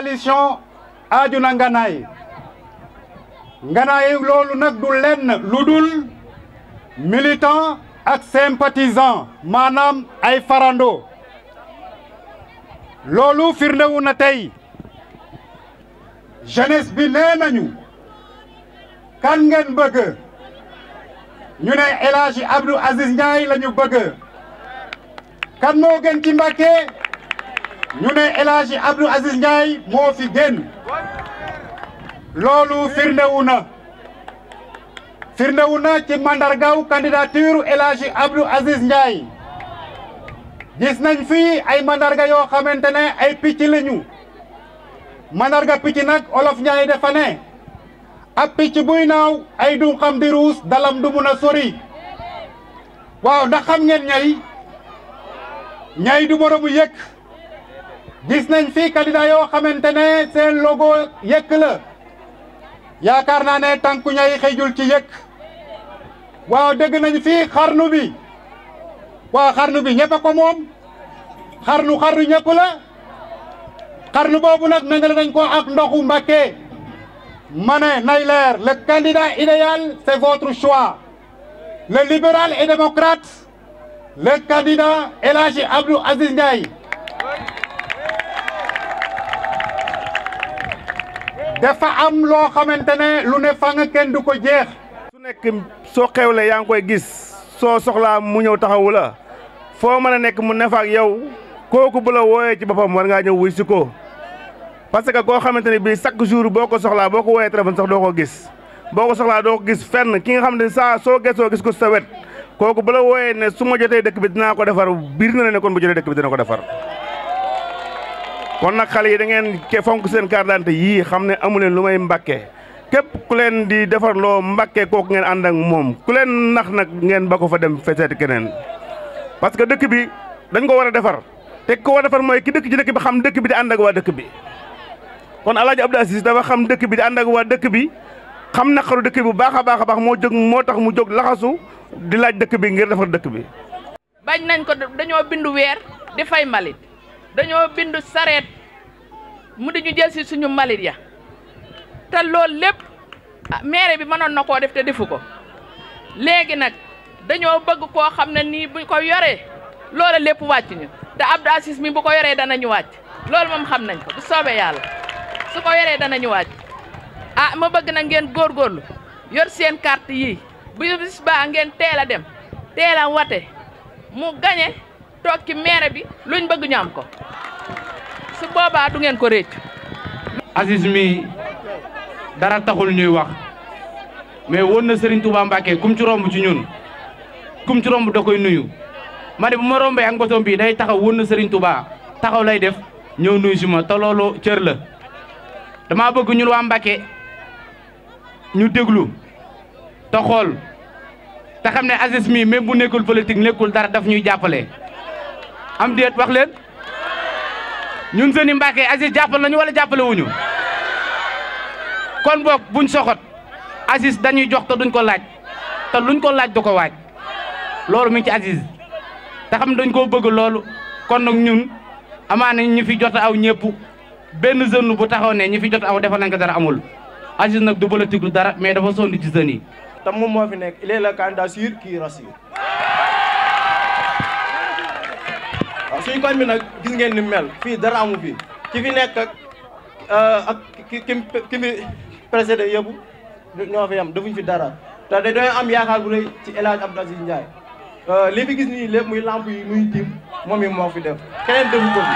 coalition aaju na nganaay nganaay loolu nag du lenn lu dul militant ak sympathisant maanaam ay farando loolu firndewu na tey jeunesse bi nee nañu kan ngeen bëgg ñu ne El Hadji Abdou Aziz Ndiaye bëgg kan moo gën ci Mbacké ñu ne El Hadji Abdou Aziz moo fi génn loolu firndewu na firndewu na ci mandargaaw candidature El Hadji Abdou Aziz Ndiaye gis nañ fii ay mandarga yoo xamante ne ay picc lañu mandarga picc nag olof Ndiaye dafa ne ab picc buy naaw ay du xam di ruus dalam du mun a sori waaw ndax xam ngeen ñay ñay du boromu yëkk gis nañ fi candidat yoo xamante ne seen logo yëkk la yaakaar naa ne tànku ñay xëjul ci yëkk waaw dégg nañ fi xarnu bi waaw xarnu bi ñëpp ko moom xarnu xarnu ñëpp la xarnu boobu nag méngale nañ ko ak ndoxu Mbacké ma ne nay leer le candidat idéal c'est votre choix le libéral et démocrate le candidat El Hadji Abdou Aziz Ndiaye dafa am loo xamante ne lu ne fa nga kenn du ko jeex. su nekk soo xewle yaa ngi koy gis soo soxlaa mu ñëw taxawu la foo mën a nekk mu ne fa ak yow kooku bu la wooyee ci boppam war ngaa ñëw wuy si ko parce que koo xamante ne bii chaque jour boo ko soxlaa boo ko wooyee téléphone sax doo ko gis boo ko soxlaa doo ko gis fen ki nga xam ne saa soo gesoo gis ko sawet wet kooku bu la wooyee ne su ma jotee dëkk bi dinaa ko defar biir na ne kon bu jotee dëkk bi dina ko defar. kon nag xale yi da ngeen ke fonk seen carte d'identité yii xam ne amuleen lu may mbàkke képp ku leen di defarloo mbàkke kooku ngeen ànd ak moom ku leen nax nag ngeen ba fa dem feseet keneen parce que dëkk bi dañ ko war a defar te ko war defar mooy ki dëkk ci dëkk bi xam dëkk bi di ànd ak waa dëkk bi kon Alaaji Abdou Aziz dafa xam dëkk bi di waa dëkk bi xam naqaru dëkk bu baax a baax a baax moo jóg moo tax mu jóg laxasu di laaj dëkk bi ngir defar dëkk bi bañ nañ ko dañoo bindu weer di fay mbalit dañoo bindu sareet mu di ñu jël si suñu mbalit ya te lool lépp ah, maire bi mënoon na koo def te defu ko léegi nag dañoo bëgg koo xam ne nii bu ko yoree loola lépp wàcc ñu te Abdou Aziz mi bu ko yoree danañu wàcc loolu moom xam nañ ko bu soobee yàlla su ko yoree danañu wàcc ah ma bëgg na ngeen góorgóorlu yor seen carte yii bu bis baa ngeen teel a dem teel a wate mu gañe toog ci bi luñ bëgg ñu am ko su boobaa du ngeen ko réccu Aziz mi dara taxul ñuy wax mais woon na Serigne Touba Mbacké kum ci romb ci ñun kum ci romb da koy nuyu ma ne bu ma rombee ak ngotoom bii day taxaw woon na Serigne Touba taxaw lay def ñëw nuyu si ma te loolu la dama bëgg ñun waa Mbacké ñu déglu te xool te xam ne Aziz mi même bu nekkul politique nekkul dara daf ñuy jàppale am déet wax ñun sëni Mbacke Aziz jàppal nañu wala jàppale wuñu kon boog buñ soxot Aziz dañuy jox te duñ ko laaj te luñ ko laaj du ko waaj loolu mi ci Aziz te xam dañ koo bëgg loolu kon nag ñun amaana ñu fi jot aw ñëpp benn jeune bu taxaw ne ñu fi jot aw defal nañ ko dara amul Aziz nag du politique du dara mais dafa sonn ci jeunes yi. te moom moo fi nekk il est le candidat sûr qui rassure. suñu koñ bi nag gis ngeen ni mel fii dara amu fi ki fi nekk ak euh, ak ki ki ki fi précédé yëpp ñoo fi am defuñ fi dara te da doy am yaakaar ci El Hadj Abdou Aziz Ndiaye euh, gis nii lépp muy lamp moom yi moo fi def keneen defu ko fi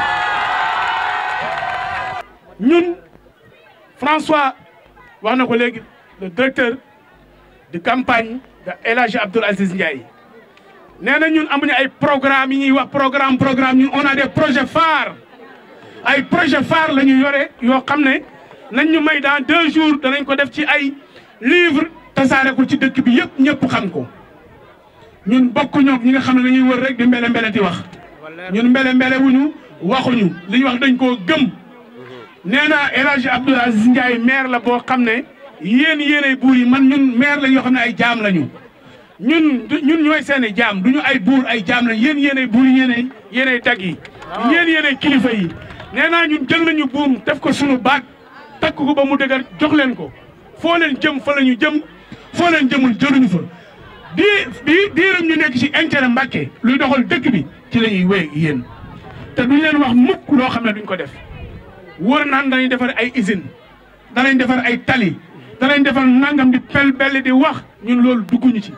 ñun François wax na ko léegi le directeur di campagne de El Hadj Abdou nee na ñun amuñu ay programme yi ñuy wax programme programme ñun on a des projets phares ay projet phare la ñu yore yoo xam ne nañ ñu may dans deux jours danañ ko def ci ay livre tasaare ko ci dëkk bi yëpp ñëpp xam ko ñun bokk ñoom ñi nga xam ne dañuy wër rek di mbele mbele di wax ñun mbele mbele wuñu waxuñu li ñu wax dañ koo gëm nee naa El Hadj Abdoul Aziz la boo xam ne yéen yéenay buur yi man ñun maire lañ yoo xam ne ay jaam lañu ñun ñun ñooy seen i jaam du ñu ay buur ay jaam lañ yéen yéen ay buur yéen ay yéen ay tag yi yéen yéen ay kilifa yi nee naa ñun jël nañu buum def ko sunu baat takk ko ba mu dëgër jox leen ko foo jëm fa la ñu jëm fooleen jëmul jëluñu fa di di diiram ñu nekk ci intérêt Mbàkke luy doxal dëkk bi ci la ñuy wéy yéen te duñ leen wax mukk loo xam ne duñ ko def wóor naan danañ defar ay usine danañ defar ay tali danañ defar nangam di pel bell di wax ñun loolu dugguñu ci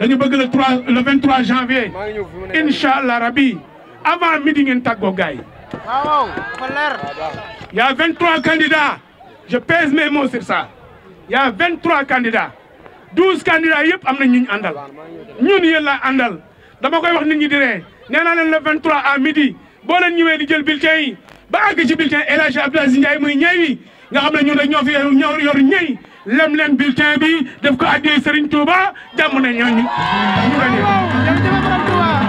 dañu bëgg le 3 le 23 janvier incha allah rabi avant midi ngeen tàggoo gars yi. waaw il y a 23 candidats je pèse mes mots sur ça il y a 23 candidats 12 candidats yëpp am na ñu ñu àndal ñun yéen àndal dama koy wax nit ñi di ree nee naa leen le 23 à midi boo leen ñëwee di jël bulletin yi ba àgg ci bulletin El Hadj Abdoulaye Ndiaye muy ñëw yi nga xam ne ñun rek ñoo fi yor yor ñëy. lem leen bulletin bi def ko addee Serigne Touba jàmm na ñooñu. ñu gagné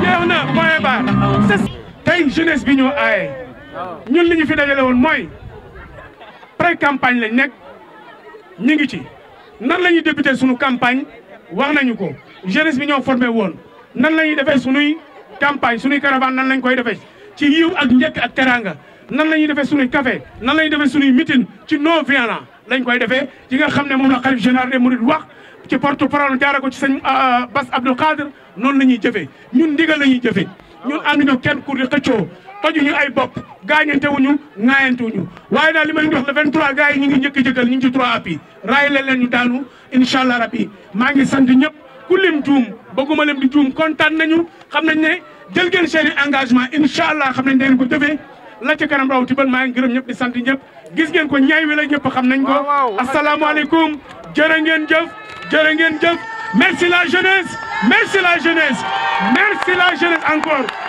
jeex na mooy tey jeunesse bi ñoo aaye ñun li ñu fi dajale woon mooy pré campagne lañ nekk ñu ngi ci nan la ñuy débuté sunu campagne wax nañu ko jeunesse bi ñoo formé woon nan la ñuy defee sunuy campagne sunuy caravane nan lañ koy defee ci yiw ak njëkk ak teraanga nan la ñu defee sunuy kafe nan la ñuy defee sunuy meeting ci non violent lañ koy defee yi nga xam ne moom na xalif général des mourides wax ci porte parole jaara ko ci sëñ euh, Bass Abdou Khadre noonu la ñuy jëfee ñun ndigal la ñuy jëfee ñun ànduñu kenn ku di xëccoo tojuñu ay bopp gaañantewuñu ŋaayantewuñu waaye daal li ma leen di wax le 23 gars ñu ngi njëkk a jëkkal ñu ngi ci raay leen leen ñu daanu incha allah rabbi maa ngi sant ñëpp ku lim juum bëgguma lim di juum kontaan nañu xam nañ ne jël ngeen seen engagement incha allah xam nañ da ngeen ko jëfee la ca kanam raw ci ban maa ngi gërëm ñëpp di sant ñëpp gis ngeen ko ñaay wi la ñëpp xam nañ ko asalaamaaleykum jërë ngeen jëf jërë ngeen jëf merci la jeunesse merci la jeunesse merci la jeunesse encore